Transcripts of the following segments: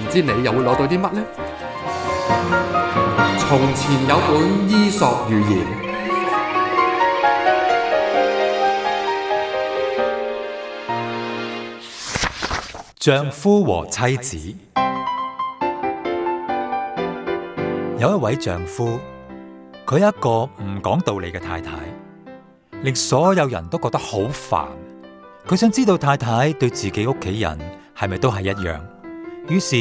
唔知你又會攞到啲乜呢？從前有本《伊索寓言》，丈夫和妻子。有一位丈夫，佢一個唔講道理嘅太太，令所有人都覺得好煩。佢想知道太太對自己屋企人係咪都係一樣。於是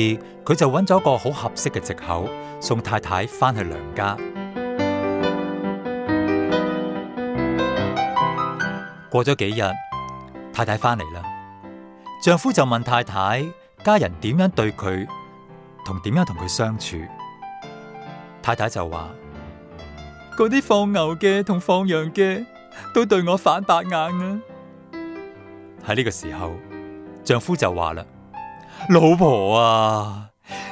佢就揾咗個好合適嘅藉口，送太太翻去娘家。過咗幾日，太太翻嚟啦，丈夫就問太太：家人點樣對佢，同點樣同佢相處？太太就話：嗰啲放牛嘅同放羊嘅都對我反白眼啊！喺呢個時候，丈夫就話啦。老婆啊，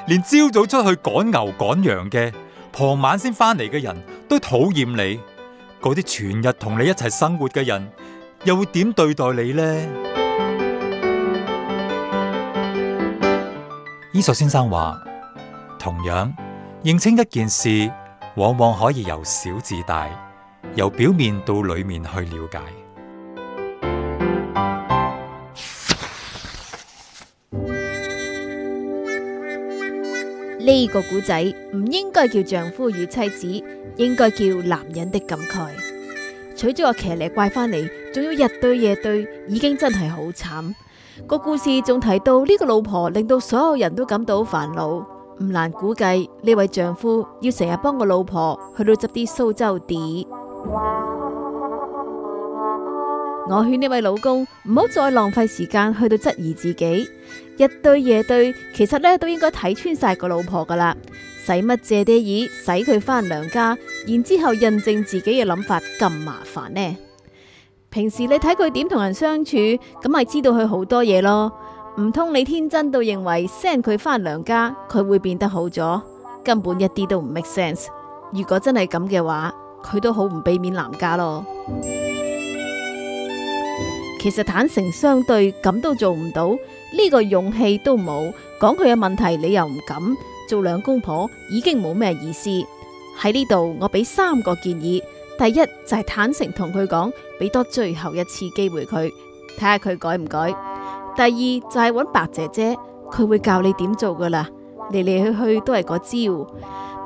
連朝早出去趕牛趕羊嘅，傍晚先翻嚟嘅人都討厭你，嗰啲全日同你一齊生活嘅人，又會點對待你呢？伊索先生話，同樣認清一件事，往往可以由小至大，由表面到裏面去了解。呢個古仔唔應該叫丈夫與妻子，應該叫男人的感慨。娶咗個騎呢怪返嚟，仲要日對夜對，已經真係好慘。個故事仲提到呢個老婆令到所有人都感到煩惱，唔難估計呢位丈夫要成日幫個老婆去到執啲蘇州地。我勸呢位老公唔好再浪費時間去到質疑自己，日對夜對，其實咧都應該睇穿晒個老婆噶啦。使乜借啲意，使佢返娘家，然之後印證自己嘅諗法咁麻煩呢？平時你睇佢點同人相處，咁咪知道佢好多嘢咯。唔通你天真到認為 send 佢返娘家，佢會變得好咗？根本一啲都唔 make sense。如果真係咁嘅話，佢都好唔俾面男家咯。其實坦誠相對咁都做唔到，呢、這個勇氣都冇講佢嘅問題你，你又唔敢做兩公婆，已經冇咩意思喺呢度。我俾三個建議，第一就係、是、坦誠同佢講，俾多最後一次機會佢睇下佢改唔改。第二就係、是、搵白姐姐，佢會教你點做噶啦，嚟嚟去去都係嗰招。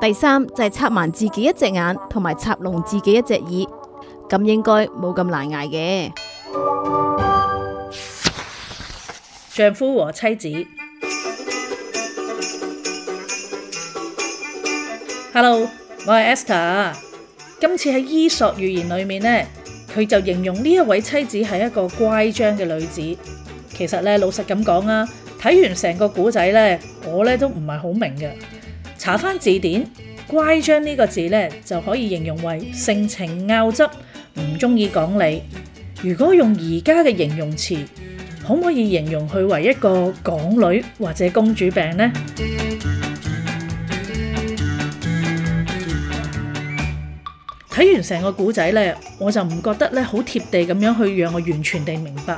第三就係、是、插盲自己一隻眼，同埋插聾自己一隻耳，咁應該冇咁難挨嘅。丈夫和妻子，Hello，我係 Esther。今次喺《伊索寓言》裏面呢，佢就形容呢一位妻子係一個乖張嘅女子。其實咧，老實咁講啊，睇完成個古仔呢，我咧都唔係好明嘅。查翻字典，乖張呢個字呢，就可以形容為性情拗執，唔中意講理。如果用而家嘅形容詞，可唔可以形容佢為一個港女或者公主病呢？睇完成個古仔呢，我就唔覺得咧好貼地咁樣去讓我完全地明白。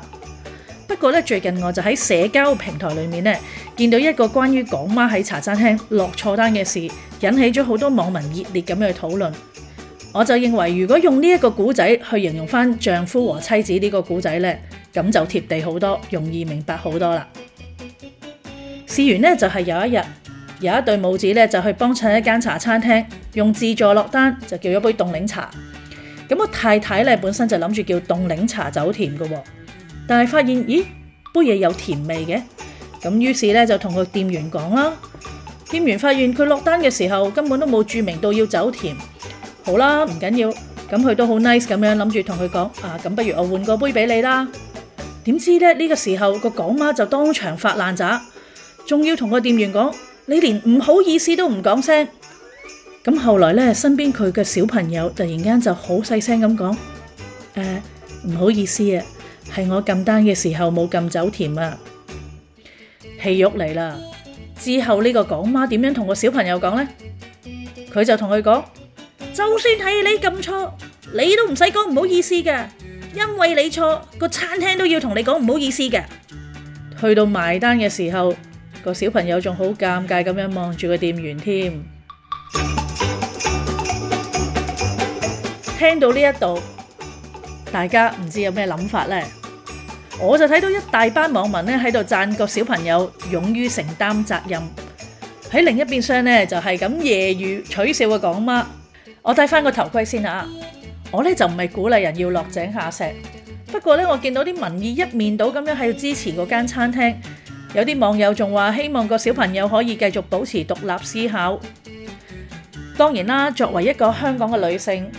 不過咧，最近我就喺社交平台裏面呢，見到一個關於港媽喺茶餐廳落錯單嘅事，引起咗好多網民熱烈咁樣討論。我就認為如果用呢一個古仔去形容翻丈夫和妻子呢個古仔呢，咁就貼地好多，容易明白好多啦。試完呢，就係有一日，有一對母子咧就去幫襯一間茶餐廳，用自助落單就叫咗杯凍檸茶。咁個太太咧本身就諗住叫凍檸茶走甜嘅，但係發現咦杯嘢有甜味嘅，咁於是咧就同個店員講啦。店員發現佢落單嘅時候根本都冇注明到要走甜。好啦，唔緊要，咁佢都好 nice 咁樣諗住同佢講啊，咁不如我換個杯俾你啦。點知咧呢個時候個港媽就當場發爛渣，仲要同個店員講，你連唔好意思都唔講聲。咁後來呢，身邊佢嘅小朋友突然間就好細聲咁講，誒，唔好意思啊，係我撳單嘅時候冇撳走甜啊。戲肉嚟啦，之後呢個港媽點樣同個小朋友講呢？佢就同佢講。就算係你咁錯，你都唔使講唔好意思嘅，因為你錯，個餐廳都要同你講唔好意思嘅。去到埋單嘅時候，個小朋友仲好尷尬咁樣望住個店員添。聽到呢一度，大家唔知有咩諗法呢？我就睇到一大班網民咧喺度讚個小朋友勇於承擔責任。喺另一邊廂呢，就係咁揶揄取笑嘅港媽。我先戴翻個頭盔先啊！我咧就唔係鼓勵人要落井下石，不過咧我見到啲民意一面倒咁樣喺度支持嗰間餐廳，有啲網友仲話希望個小朋友可以繼續保持獨立思考。當然啦，作為一個香港嘅女性，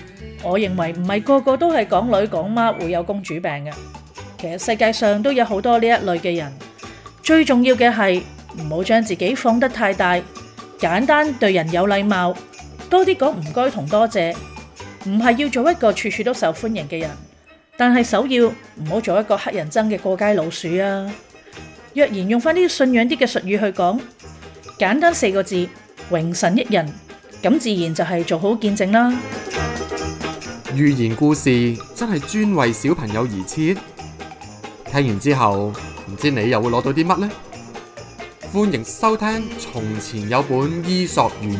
我認為唔係個個都係港女港媽會有公主病嘅。其實世界上都有好多呢一類嘅人。最重要嘅係唔好將自己放得太大，簡單對人有禮貌，多啲講唔該同多謝，唔係要做一個處處都受歡迎嘅人，但係首要唔好做一個黑人憎嘅過街老鼠啊！若然用翻啲信仰啲嘅術語去講，簡單四個字，榮神一人，咁自然就係做好見證啦。寓言故事真係專為小朋友而設，聽完之後唔知你又會攞到啲乜呢？歡迎收聽《從前有本伊索寓言》。